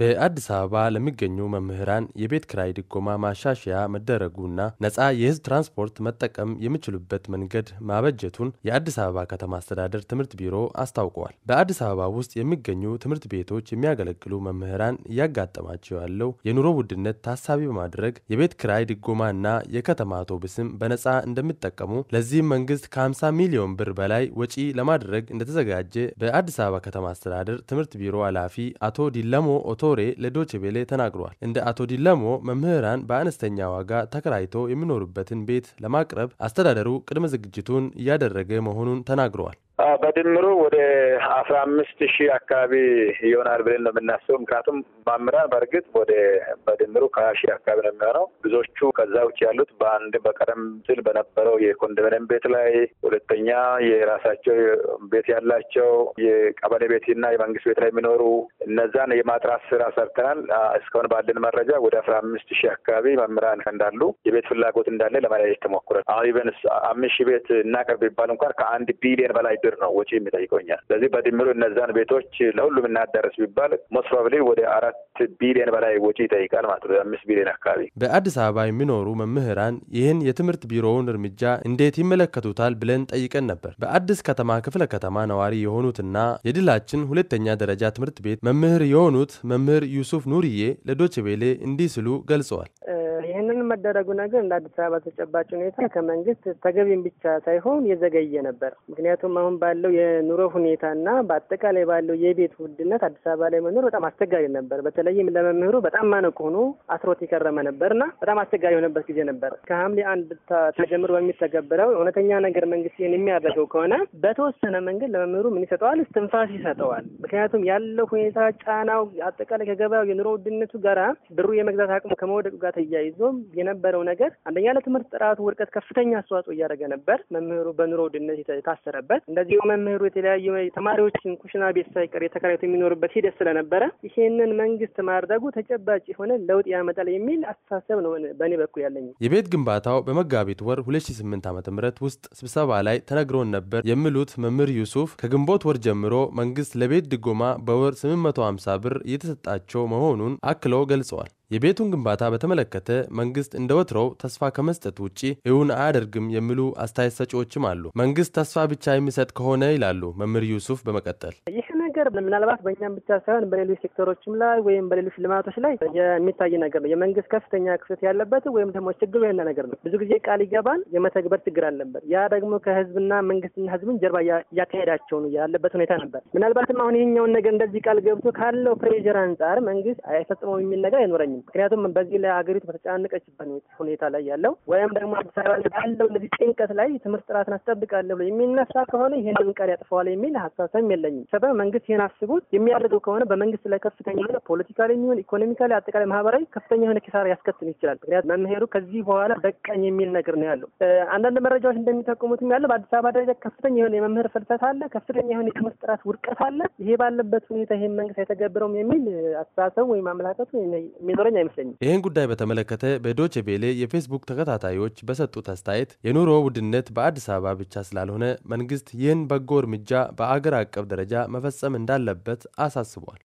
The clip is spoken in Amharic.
በአዲስ አበባ ለሚገኙ መምህራን የቤት ክራይ ድጎማ ማሻሻያ መደረጉና ነፃ የህዝብ ትራንስፖርት መጠቀም የሚችሉበት መንገድ ማበጀቱን የአዲስ አበባ ከተማ አስተዳደር ትምህርት ቢሮ አስታውቀዋል። በአዲስ አበባ ውስጥ የሚገኙ ትምህርት ቤቶች የሚያገለግሉ መምህራን እያጋጠማቸው ያለው የኑሮ ውድነት ታሳቢ በማድረግ የቤት ክራይ ድጎማና የከተማ አውቶቡስም በነፃ እንደሚጠቀሙ፣ ለዚህም መንግስት ከ50 ሚሊዮን ብር በላይ ወጪ ለማድረግ እንደተዘጋጀ በአዲስ አበባ ከተማ አስተዳደር ትምህርት ቢሮ ኃላፊ አቶ ዲለሞ ቶሬ ለዶቼ ቬሌ ተናግረዋል። እንደ አቶ ዲለሞ መምህራን በአነስተኛ ዋጋ ተከራይቶ የሚኖሩበትን ቤት ለማቅረብ አስተዳደሩ ቅድመ ዝግጅቱን እያደረገ መሆኑን ተናግረዋል። በድምሩ ወደ አስራ አምስት ሺህ አካባቢ ይሆናል ብለን ነው የምናስበው። ምክንያቱም መምህራን በእርግጥ ወደ በድምሩ ከሀያ ሺህ አካባቢ ነው የሚሆነው። ብዙዎቹ ከዛ ውጭ ያሉት በአንድ በቀደም ሲል በነበረው የኮንዶሚኒየም ቤት ላይ፣ ሁለተኛ የራሳቸው ቤት ያላቸው የቀበሌ ቤትና የመንግስት ቤት ላይ የሚኖሩ እነዛን የማጥራት ስራ ሰርተናል። እስካሁን ባለን መረጃ ወደ አስራ አምስት ሺህ አካባቢ መምህራን እንዳሉ የቤት ፍላጎት እንዳለ ለመለየት ተሞክሯል። አሁን ኢቨንስ አምስት ሺህ ቤት እናቀርብ ይባል እንኳን ከአንድ ቢሊየን በላይ ብር ነው ወጪ የሚጠይቀው እኛን። ስለዚህ በድምሩ እነዛን ቤቶች ለሁሉም እናዳረስ ቢባል ሞስፋብሊ ወደ አራት ቢሊዮን በላይ ወጪ ይጠይቃል ማለት ነው። አምስት ቢሊዮን አካባቢ። በአዲስ አበባ የሚኖሩ መምህራን ይህን የትምህርት ቢሮውን እርምጃ እንዴት ይመለከቱታል ብለን ጠይቀን ነበር። በአዲስ ከተማ ክፍለ ከተማ ነዋሪ የሆኑትና የድላችን ሁለተኛ ደረጃ ትምህርት ቤት መምህር የሆኑት መምህር ዩሱፍ ኑርዬ ለዶችቤሌ እንዲህ ስሉ ገልጸዋል። መደረጉ ነገር እንደ አዲስ አበባ ተጨባጭ ሁኔታ ከመንግስት ተገቢም ብቻ ሳይሆን የዘገየ ነበር። ምክንያቱም አሁን ባለው የኑሮ ሁኔታና በአጠቃላይ ባለው የቤት ውድነት አዲስ አበባ ላይ መኖር በጣም አስቸጋሪ ነበር። በተለይም ለመምህሩ በጣም ማነቅ ሆኖ አስሮት የከረመ ነበርና በጣም አስቸጋሪ የሆነበት ጊዜ ነበር። ከሐምሌ አንድ ተጀምሮ በሚተገበረው እውነተኛ ነገር መንግስት ይህን የሚያደርገው ከሆነ በተወሰነ መንገድ ለመምህሩ ምን ይሰጠዋል? እስትንፋስ ይሰጠዋል። ምክንያቱም ያለው ሁኔታ ጫናው፣ አጠቃላይ ከገበያው የኑሮ ውድነቱ ጋራ ብሩ የመግዛት አቅሙ ከመውደቁ ጋር ተያይዞ የነበረው ነገር አንደኛ ለትምህርት ጥራቱ ውድቀት ከፍተኛ አስተዋጽኦ እያደረገ ነበር። መምህሩ በኑሮ ውድነት የታሰረበት፣ እንደዚሁ መምህሩ የተለያዩ ተማሪዎችን ኩሽና ቤት ሳይቀር የተከራይቶ የሚኖርበት ሂደት ስለነበረ ይህንን መንግስት ማድረጉ ተጨባጭ የሆነ ለውጥ ያመጣል የሚል አስተሳሰብ ነው በእኔ በኩል ያለኝ። የቤት ግንባታው በመጋቢት ወር 2008 ዓ.ም ውስጥ ስብሰባ ላይ ተነግሮን ነበር የሚሉት መምህር ዩሱፍ ከግንቦት ወር ጀምሮ መንግስት ለቤት ድጎማ በወር 850 ብር እየተሰጣቸው መሆኑን አክለው ገልጸዋል። የቤቱን ግንባታ በተመለከተ መንግስት እንደ ወትሮው ተስፋ ከመስጠት ውጪ እውን አያደርግም የሚሉ አስተያየት ሰጪዎችም አሉ። መንግስት ተስፋ ብቻ የሚሰጥ ከሆነ ይላሉ መምህር ዩሱፍ በመቀጠል ነገር ምናልባት በእኛም ብቻ ሳይሆን በሌሎች ሴክተሮችም ላይ ወይም በሌሎች ልማቶች ላይ የሚታይ ነገር ነው። የመንግስት ከፍተኛ ክፍተት ያለበት ወይም ደግሞ ችግሩ ያለ ነገር ነው። ብዙ ጊዜ ቃል ይገባል፣ የመተግበር ችግር አለበት። ያ ደግሞ ከህዝብና መንግስትና ህዝብን ጀርባ እያካሄዳቸው ነው ያለበት ሁኔታ ነበር። ምናልባትም አሁን ይህኛውን ነገር እንደዚህ ቃል ገብቶ ካለው ፕሬዥር አንጻር መንግስት አይፈጽመው የሚል ነገር አይኖረኝም። ምክንያቱም በዚህ ላይ ሀገሪቱ በተጨናነቀችበት ሁኔታ ላይ ያለው ወይም ደግሞ አዲስ አበባ ባለው እንደዚህ ጭንቀት ላይ ትምህርት ጥራትን አስጠብቃለሁ ብሎ የሚነሳ ከሆነ ይህንን ቃል ያጥፈዋል የሚል ሀሳብ ሰም የለኝም። ሰበብ መንግስት ይህን አስቡት። የሚያደርገው ከሆነ በመንግስት ላይ ከፍተኛ የሆነ ፖለቲካል የሚሆን ላይ አጠቃላይ ማህበራዊ ከፍተኛ የሆነ ኪሳራ ያስከትል ይችላል። ምክንያቱ መምህሩ ከዚህ በኋላ በቀኝ የሚል ነገር ነው ያለው። አንዳንድ መረጃዎች እንደሚጠቁሙትም ያለው በአዲስ አበባ ደረጃ ከፍተኛ የሆነ የመምህር ፍልሰት አለ፣ ከፍተኛ የሆነ የትምህርት ጥራት ውድቀት አለ። ይሄ ባለበት ሁኔታ ይህን መንግስት አይተገብረውም የሚል አስተሳሰቡ ወይም አመላከቱ የሚኖረኝ አይመስለኝም። ይህን ጉዳይ በተመለከተ በዶቼ ቬሌ የፌስቡክ ተከታታዮች በሰጡት አስተያየት የኑሮ ውድነት በአዲስ አበባ ብቻ ስላልሆነ መንግስት ይህን በጎ እርምጃ በአገር አቀፍ ደረጃ መፈጸም እንዳለበት አሳስቧል